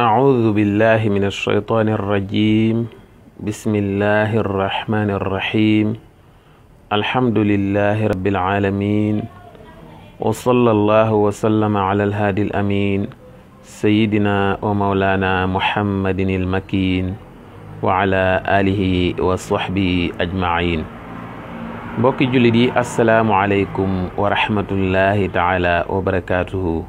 أعوذ بالله من الشيطان الرجيم بسم الله الرحمن الرحيم الحمد لله رب العالمين وصلى الله وسلم على الهادي الأمين سيدنا ومولانا محمد المكين وعلى آله وصحبه أجمعين بوكي جلدي السلام عليكم ورحمة الله تعالى وبركاته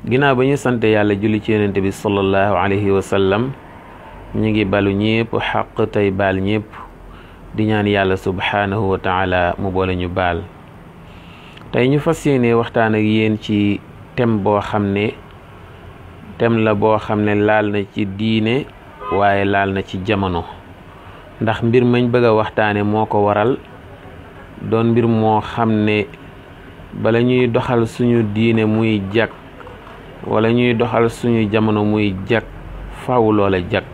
ginnaaw ba ñu sante yàlla julli ci yonent bi sallallahu alayhi wa sallam ñu ngi balu ñépp xaq tey bal ñépp di ñaan yàlla subhaanahu wa taala mu boole ñu baal tey ñu fa yéene waxtaan ak yéen ci tem boo xam ne tem la boo xam ne laal na ci diine waaye laal na ci jamono ndax mbir mañ bëgg a waxtaane moo ko waral doon mbir moo xam ne bala ñuy doxal suñu diine muy jag wala ñuy doxal suñu jamono muy jag faw loola jag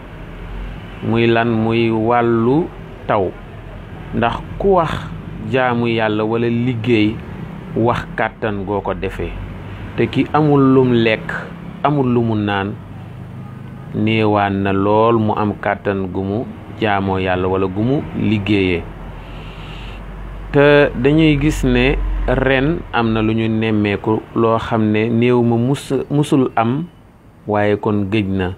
muy lan muy wàllu taw ndax ku wax jaamu yàlla wala liggéey wax kàttan goo ko defee te ki amul lum lekk amul lu mu naan néewaan na lool mu am kàttan gu mu jaamoo yàlla walla gu mu liggéeyee te dañuy gis ne ren am na lu ñu nemmeeku loo xam ne néew ma mus musul am waaye kon géej na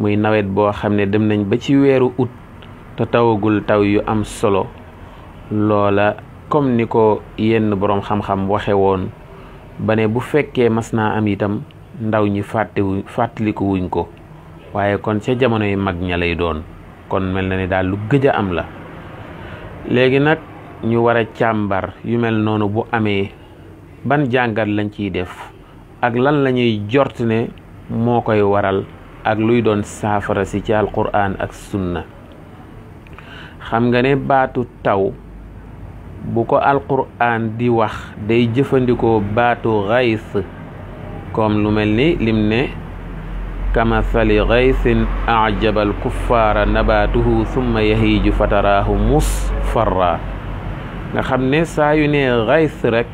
muy nawet boo xam ne dem nañ ba ci weeru ut te tawagul taw yu am solo loola comme ni ko yenn boroom xam-xam waxe woon ba ne bu fekkee mas naa am itam ndaw ñi fàttewu ko waaye kon ca jamono yi mag ña lay doon kon mel na ne daal lu gëj a am la léegi nag ñu wara càmbar yu mel noonu bu amee ban jàngat lañ ciy def ak lan lañuy ñuy jort ne moo koy waral ak luy doon saafara si ci alquran ak sunna xam nga ne baatu taw bu ko alquran di wax day jëfandikoo baatu xays comme lu mel ni lim ne kamathali xaysin ajabal kuffaara nabaatuhu summa yahiiju fataraahu musfarra nga xam ne saa yu ne xays rek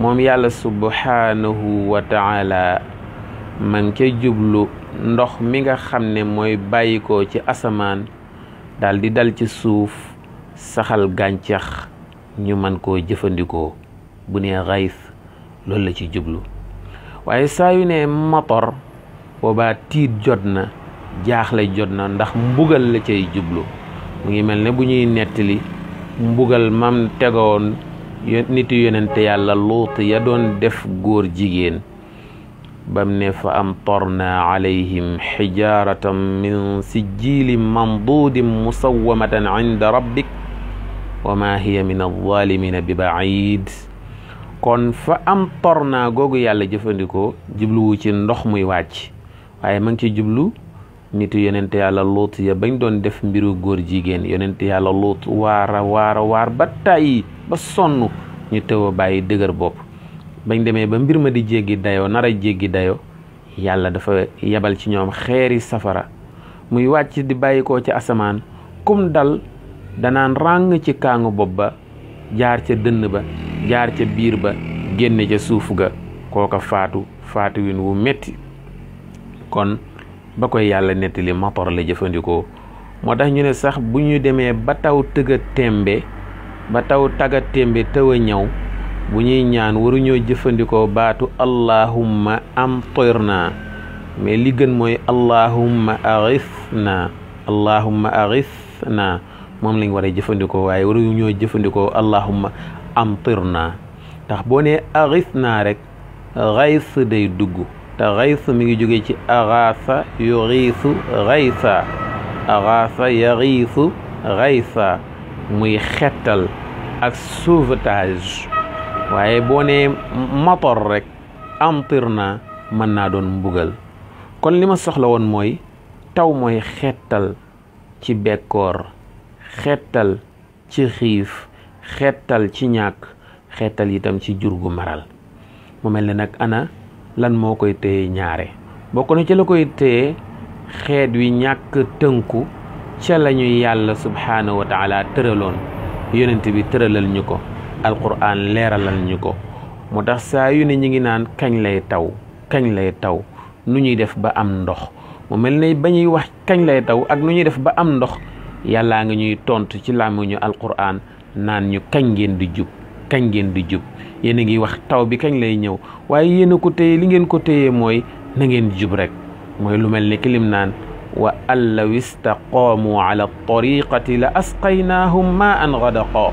moom yàlla subhaanahu wa taala man ca jublu ndox mi nga xam ne mooy bàyyikoo ci asamaan daldi dal ci suuf saxal gàncax ñu man koo jëfandikoo bu ne xays loolu la ci jublu waaye saa yu ne mator boobaa tiit jot na jaaxle jot na ndax mbugal la cay jublu mu ngi mel ni bu ñuy nettali mbugal mam tegoon nitu yonente yàlla luut ya doon def góor jigéen bam ne am amtarna alayhim xijaaratan min sijjilin manduudin musawwamatan inda rabbik wa ma hiya min alzalimina bi baid kon fa amtarna googu yàlla jëfandikoo jubluwu ci ndox muy wàcc waaye ma ci jublu nitu yeneent yàlla luut ya bañ doon def mbiru góor jigéen yonente yàlla luut waara waara waar ba tàyyi ba sonn ñu tew bàyyi dëgër bopp bañ demee ba mbir ma di jéggi dayoo nar a jéggi dayoo yàlla dafa yebal ci ñoom xeeri safara muy wàcc di bàyyikoo ci asamaan kum dal danaan ràng ci kaangu bopp ba jaar ca dënn ba jaar ca biir ba génne ca suuf ga kooka faatu faatu wu metti kon ba koy yàlla nettali matar la jëfandikoo moo tax ñu ne sax bu ñu demee ba taw tëgga tembe ba taw taga tembe taw a ñëw bu ñuy ñaan waruñoo jëfandikoo baatu allahumma amtir naa mais li gën mooy allahumma aghis naa allahumma aghis naa moom lañ war jëfandikoo waaye waruñoo jëfandikoo allahumma am naa ndax boo nee aris naa rek ghays day dugg te xaysu mi ngi jóge ci axaasa yuriisu xaysa axaasa yariisu xaysa muy xettal ak sauvetage waaye boo nee matar rekk amtir na mën naa doon mbugal kon li ma soxla woon mooy taw mooy xettal ci bekkoor xettal ci xiif xettal ci ñàkk xettal itam ci jur gu maral mu mel ne nag ana lan moo koy téye ñaare bokk na ci la koy téye xeet wi ñàkk tënku ca la ñuy yàlla subhaanahu wa taala tëraloon yonent bi tëralal ñu ko alquran leeralal ñu ko moo tax saa yu ne ñi ngi naan kañ lay taw kañ lay taw nu ñuy def ba am ndox mu mel ne ba ñuy wax kañ lay taw ak nu ñuy def ba am ndox yàllaa ngi ñuy tontu ci làmmiñu alquran naan ñu kañ ngeen di jub kañ ngeen di jub yéen a ngi wax taw bi kañ lay ñëw waaye yéen a ko téye li ngeen ko téye mooy na ngeen jub rek mooy lu mel ni kilim naan wa an law istaqaamu ala tariqati la asqaynaahum ma an gadaqa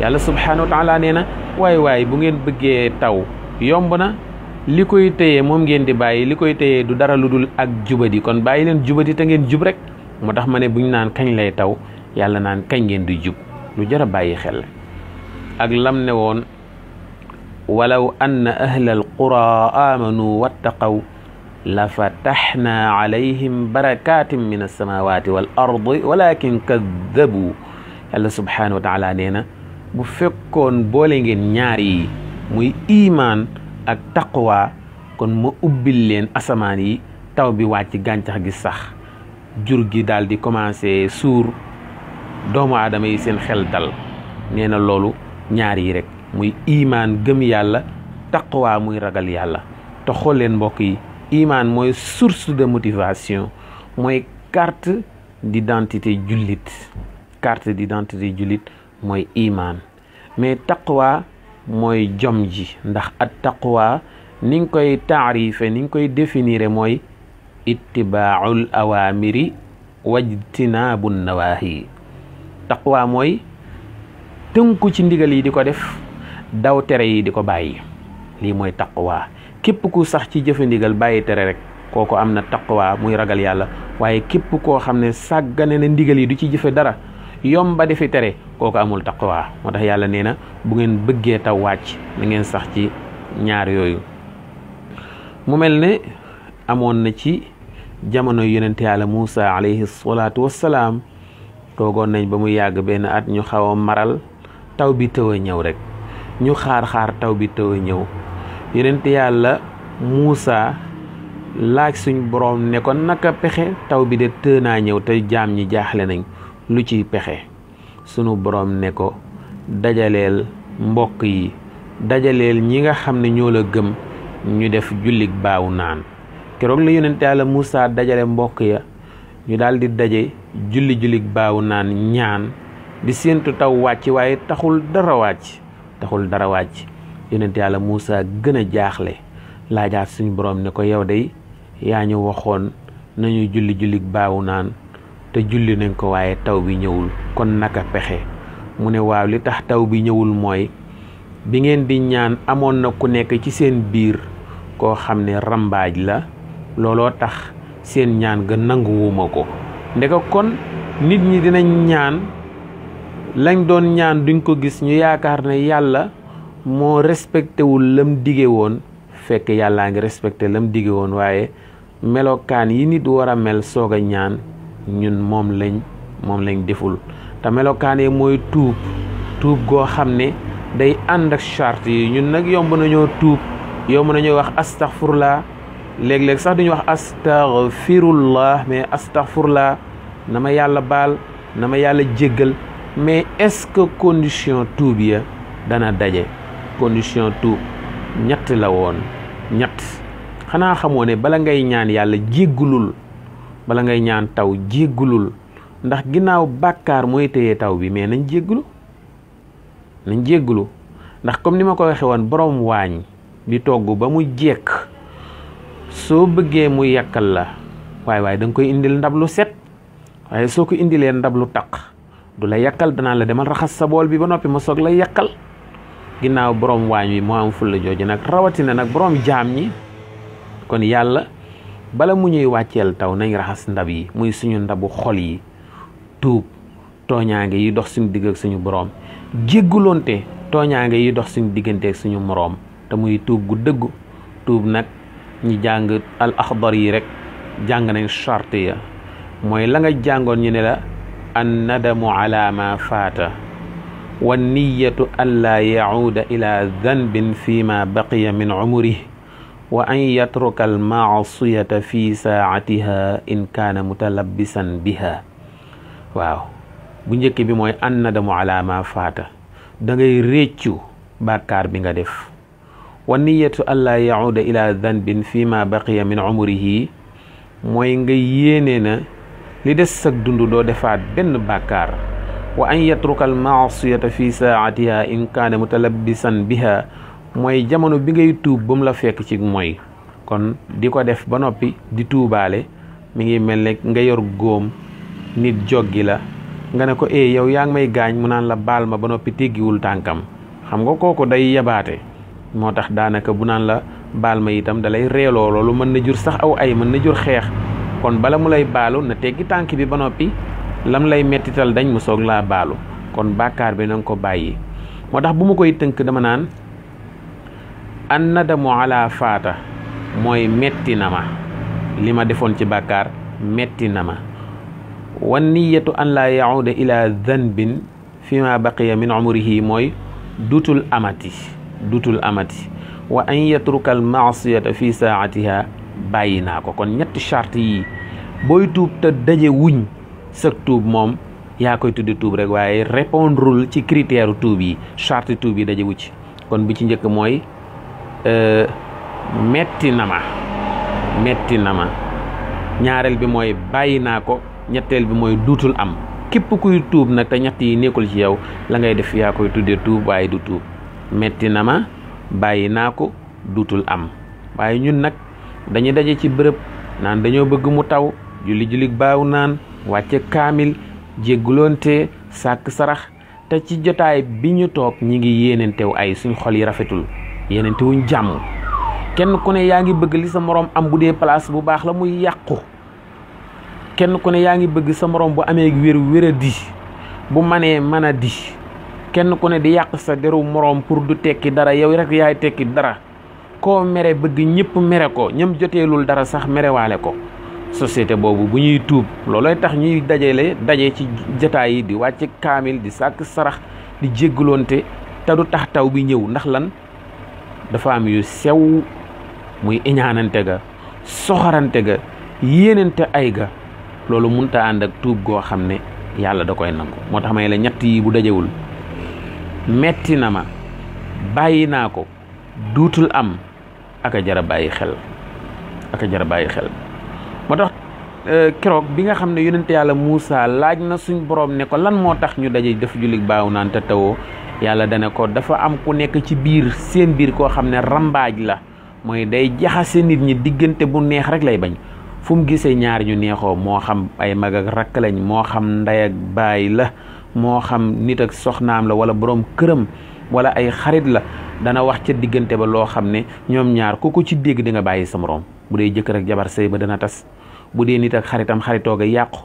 yàlla subhaanahu wa taala nee na waay waaye bu ngeen bëggee taw yomb na li koy téye moom ngeen di bàyyi li koy téye du dara lu dul ak jubadi kon bàyyi leen jubadi te ngeen jub rek moo tax ma ne bu ñu naan kañ lay taw yàlla naan kañ ngeen di jub lu jar a bàyyi xel ne walaw anna ahla alqura amanu wattaqaw la fataxna alayhim barakatin min alsamawati wal ardi walakin kaddabu yàlla subhanahu wa taala nee na bu fekkoon boole ngeen ñaar yi muy imaan ak taqwa kon ma ubbil leen asamaan yi taw bi wàcc gàncax gi sax jur gi daal di commencé suur doomu aadama yi seen xel dal nee na loolu ñaar yi rek muy imaan gëm yàlla taqwa muy ragal yàlla te leen mbokk yi imaan mooy source de motivation mooy carte d'identité jullit carte d'identité jullit mooy imaan mais taqwa mooy jom ji ndax ak taqwa ni nga koy taarife ni nga koy définire mooy ittibaaul awaamiri bu nawaahi taqwa mooy tënku ci ndigal yi di ko def daw tere yi di ko bàyyi lii mooy taqwa képp ku sax ci jëfandigal bàyyi tere rek kooku am na taqwa muy ragal yàlla waaye képp koo xam ne sàggane na ndigal yi du ci jëfe dara yomba ba defi tere kooku amul taqwa moo tax yàlla nee na bu ngeen bëggee taw wàcc na ngeen sax ci ñaar yooyu mu mel ne amoon na ci jamono yonent yàlla Muusa alayhi salaatu wassalaam toogoon nañ ba mu yàgg benn at ñu xaw a maral taw bi tëw a ñëw rek ñu xaar-xaar taw bi taw a ñëw yenent yàlla Muusa laaj suñ borom ne ko naka pexe taw bi de të naa ñëw te jaam ñi jaaxle nañ lu ci pexe sunu borom ne ko dajaleel mbokk yi dajaleel ñi nga xam ne ñoo la gëm ñu def julli baawu naan keroog la yonent yàlla Muusa dajale mbokk ya ñu daal daje julli jullik baawu naan ñaan di séentu taw wàcc waaye taxul dara wàcc taxul dara wàcc yonent yàlla Moussa gën a jaaxle laajaat suñu borom ne ko yow day yaa ñu waxoon nañu julli julli baawu naan te julli nañ ko waaye taw bi ñëwul kon naka pexe mu ne waaw li tax taw bi ñëwul mooy bi ngeen di ñaan amoon na ku nekk ci seen biir koo xam ne rambaaj la looloo tax seen ñaan ga nanguwuma ko ndeka kon nit ñi dinañ ñaan lañ doon ñaan duñ ko gis ñu yaakaar ne yàlla moo respecté wul lam dige woon fekk yàllaa ngi respecté lam dige woon waaye melokaan yi nit war a mel soog a ñaan ñun moom lañ moom lañ deful te melokaan yi mooy tuub tuub goo xam ne day ànd ak charte yi ñun nag yomb nañoo tuub yomb nañoo wax astaghfirullah léeg-léeg sax duñu wax astaghfirullah mais astaghfirullah na ma yàlla baal na ma yàlla jéggal mais est-ce que condition tuub ya dana daje condition tuub ñett la woon ñett xanaa xamoo ne bala ngay ñaan yàlla jéggulul bala ngay ñaan taw jéggulul ndax ginnaaw bàkkaar mooy téye taw bi mais nañ jéggulu nañ jéggulu ndax comme ni ma ko waxee woon borom waañ bi togg ba mu jekk soo bëggee mu yàkkal la waaye waaye danga koy indil ndab lu set waaye soo ko indilee ndab lu taq du la yàkkal danaa la demal raxas sa bool bi ba noppi ma soog la yàkkal ginnaaw borom waañ wi moo am fulla jooju nag rawatina nag boroom jaam ñi kon yàlla bala mu ñuy wàcceel taw nañu raxas ndab yi muy suñu ndabu xol yi tuub tooñaange yi dox suñu digg ak suñu borom jéggulonte tooñaange yi dox suñu diggante ak suñu moroom te muy tuub gu dëggu tuub nag ñi jàng al axdar yi rek jàng nañ charte ya mooy la nga jàngoon ñu ne la annadamu ala ma faata wa niyatu an laa yacuuda ila danbin fi ma baqiya min cumurih wa an yatruka almaasiyata fi saacatiha in kaana mutalabisan biha waaw bu njëkk bi mooy an nadamu ala ma faata da ngay réccu bàkkaar bi nga def wa niyatu an laa yacuuda ila danbin fi ma baqiya min cumurihi mooy nga yéene na li des sag dund doo defaat benn bàkkaar wa an yatruka al maasiyata fi mu in kaana san biha mooy jamono bi ngay tuub ba mu la fekk ci mooy kon di ko def ba noppi di tuubaale mu ngi mel ni nga yor góom nit joggi la nga ne ko eh yow yaa ngi may gaañ mu naan la baal ma ba noppi teggiwul tànkam xam nga kooku day yabaate moo tax daanaka bu naan la baal ma itam dalay reeloo loolu mën na jur sax aw ay mën na jur xeex kon bala mu lay baalu na teggi tànk bi ba noppi lam lay mettital dañ mu soog laa baalu kon bàkkaar bi na ko bàyyi moo tax bu ma koy tënk dama naan an nadamu ala faata mooy metti na ma li ma defoon ci bàkkaar metti na ma wan niyatu an laa yahuda ila zanbin fi ma baqiya min mooy dutul amati dutul amati waa an yatruka al maasiyata fi bàyyi naa ko kon ñetti charte yi booy tuub te daje wuñ sa tuub moom yaa koy tuddi tuub rek waaye répondrul ci critère tuub yi chart tuub yi daje wu ci kon bu ci njëkk mooy euh, metti na ma metti na ma ñaareel bi mooy bàyyi naa ko ñetteel bi mooy duutul am képp kuy tuub nag te ñetti nekkul ci yow la ngay def yaa koy tuddee tuub waaye du tuub metti na ma bàyyi naa ko duutul am waaye ñun nag dañuy daje ci bërëb naan dañoo bëgg mu taw julli julli baaw naan wàcce kaamil jéggulonte sàkk sarax te ci jotaay bi ñu toog ñi ngi yéenentew ay suñ xol yi rafetul yéenente wuñ jàmm kenn ku ne yaa ngi bëgg li sa moroom am bu dee place bu baax la muy yàqu kenn ku ne yaa ngi bëgg sa morom bu amee wér wér di bu manee mën a di kenn ku ne di yàq sa deru moroom pour du tekki dara yow rek yaay tekki dara koo mere bëgg ñëpp mere ko ñam joteelul dara sax merewaale ko société boobu bu ñuy tuub loolooy tax ñuy dajale daje ci jataay yi di wàcc kaamil di sàkk sarax di jéggaloonte te du tax taw bi ñëw ndax lan dafa am yu sew muy iñaanante ga soxorante ga yéenante ay ga loolu munta ànd ak tuub goo xam ne yàlla da koy nangu moo tax may la ñett yi bu dajewul metti na ma bàyyi naa ko duutul am ak jara jar bàyyi xel ak jar bàyyi xel moo tax euh, keroog bi nga xam ne yonent yàlla Moussa laaj na suñ borom ne ko lan moo tax ñu daje def jullit baaw naan te tawoo yàlla dana ko dafa am ku nekk ci biir seen biir koo xam ne rambaaj la mooy day jaxase nit ñi diggante bu neex rek lay bañ fu mu gisee ñaar ñu neexoo moo xam ay mag ak rakk lañ moo xam ndey ak baay la moo xam nit ak soxnaam la wala boroom këram wala ay xarit la dana wax ca diggante ba loo xam ne ñoom ñaar ku ko ci dégg di nga bàyyi sa moroom bu dee jëkkër ak jabar sëy ba dana tas bu dee nit ak xaritam xaritooga yàqu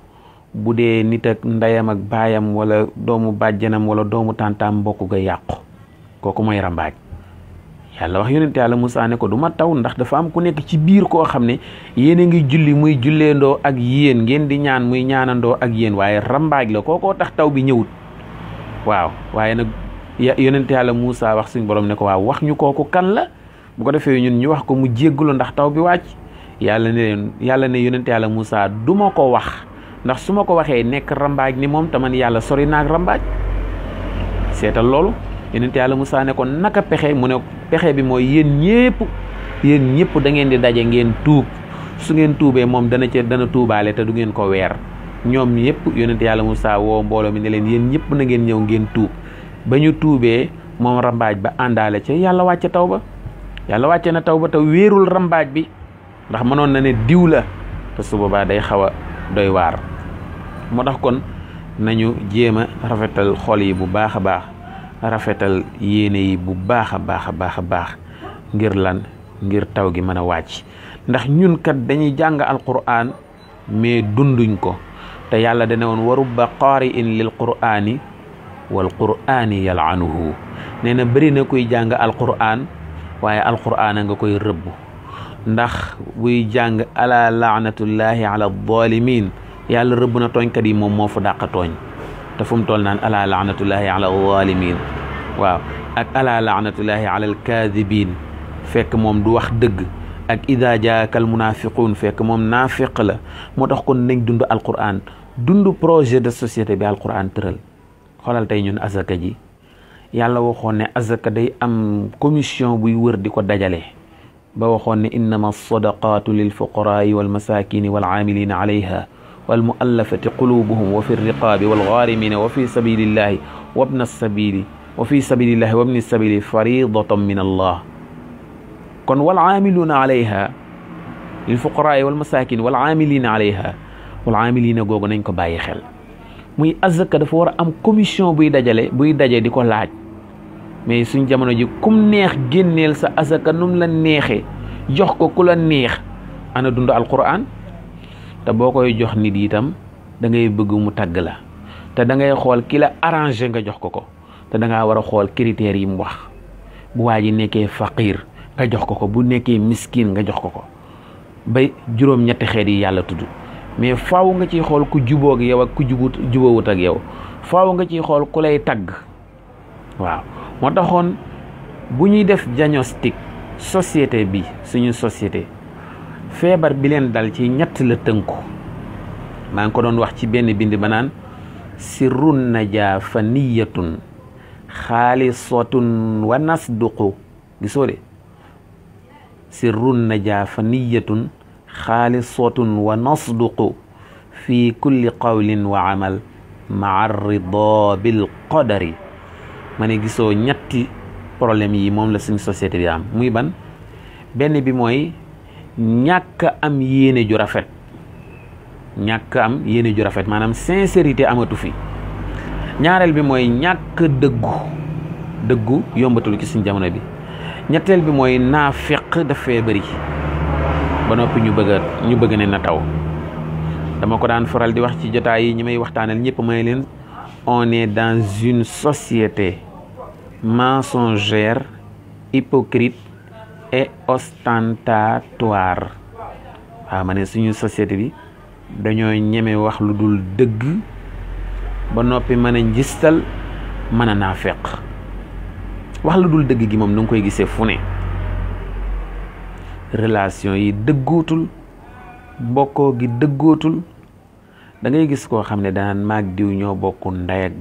bu dee nit ak ndeyam ak baayam wala doomu bàjjanam wala doomu tàntaam mbokk ga yàqu kooku mooy rambaaj yàlla wax yonent yàlla Musaa ne ko duma taw ndax dafa am ku nekk ci biir koo xam ne yéen a ngi julli muy julleendoo ak yéen ngeen di ñaan muy ñaanandoo ak yéen waaye rambaaj la koo tax taw bi ñëwut ya yonent yàlla Moussa wax suñu borom ne ko waaw wax ñu kooku kan la bu ko defee ñun ñu wax ko mu jéggalu ndax taw bi wàcc yàlla ne leen yàlla ne yonent yàlla Moussa du ma ko wax ndax su ma ko waxee nekk rambaaj ni moom taman yàlla sori naag rambaaj seetal loolu yonent yàlla Moussa ne ko naka pexe mu ne pexe bi mooy yéen ñëpp yéen ñëpp da ngeen di daje ngeen tuub su ngeen tuubee moom dana ca dana tuubaale te du ngeen ko weer ñoom yëpp yonent yàlla Moussa woo mbooloo mi ne leen yéen ñëpp na ngeen ñëw ngeen tuub ba ñu tuubee moom rambaaj ba àndaale ca yàlla wàcce taw ba yàlla wàcce na taw ba te wéerul rambaaj bi ndax mënoon na ne diw la te su boobaa day xaw a doy waar moo tax kon nañu jéem a rafetal xool yi bu baax a baax rafetal yéene yi bu baax a baax a baax a baax ngir lan ngir taw gi mën a wàcc ndax ñun kat dañuy jàng alquran mais dunduñ ko te yàlla dana woon waruba qaari in lil qurani wal qur'aani yal'anuhu nee na bëri na kuy jàng alqur'aan waaye alqur'aan nga koy rëbb ndax buy jàng ala laanatullahi ala zalimin yàlla rëbb na tooñkat yi moom moo fa dàq tooñ te fu mu toll naan ala laanatullahi ala zalimin ak ala laanatullahi ala alkaadibin fekk moom du wax dëgg ak ida jaaka al munafiquun moom naafiq la moo tax kon nañ dund alqur'aan dund projet de société bi alqur'aan tëral xoolal tey ñun azaka ji yàlla waxoon ne azaka day am commission buy wër di ko dajale ba waxoon ne innama sadaqaatu lil fuqaraai wal masakini wal aamilina alayha wal muallafati qulubuhum wa fi riqaabi wal gaarimina wa fi sabilillahi wabna sabili wa fi sabilillahi wabni sabili faridatan min allah kon wal aamiluuna alayha lil fuqaraai wal masakin wal aamilina alayha wal aamilina googu nañ ko bàyyi xel muy azaka dafa war a am commission buy dajale buy daje di ko laaj mais suñ jamono ji kum neex génneel sa azaka num la neexee jox ko ku la neex ana dund alquran te boo koy jox nit itam da ngay bëgg mu tagg la te da ngay xool ki la arrangé nga jox ko ko te da ngaa war a xool critères yi mu wax bu waa ji nekkee faqiir nga jox ko ko bu nekkee miskin nga jox ko ko ba juróom-ñetti xeet yi yàlla tudd mais faaw nga ci xool ku jubóog yow ak ku jubut jubóowut ak yow faaw nga ciy xool ku lay tagg waaw moo taxoon bu ñuy def diagnostic société bi suñu société feebar bi leen dal ci ñett la tënku maa ngi ko doon wax ci benn bind ba naan sirrun najaa faniyatun xaalisatun wa nasduqu gisoo de sirrun najaa faniyatun xaalisatun wa nasduqu fi kulli qawlin wa amal maa rida bil qadari ma ne gisoo ñetti problème yi moom la suñu société bi am muy ban benn bi mooy ñàkk am yéene ju rafet ñàkk am yéene ju rafet maanaam sincérité amatu fi ñaareel bi mooy ñàkk dëggu dëggu yombatul ci suñ jamono bi ñetteel bi mooy naafiq dafee bëri ba noppi ñu bëgg ñu bëgg ne na taw dama ko daan faral di wax ci jotaay yi ñu may waxtaanal ñëpp may leen on est dans une société mensongère hypocrite et ostentatoire waaw ma ne suñu société bi dañoo ñeme wax lu dul dëgg ba noppi mën a njistal mën a naafeq wax lu dul dëgg gi moom nu koy gisee fu ne relation yi dëggootul bokkoo gi dëggootul da ngay gis koo xam ne daan mag diw ñoo bokk ndey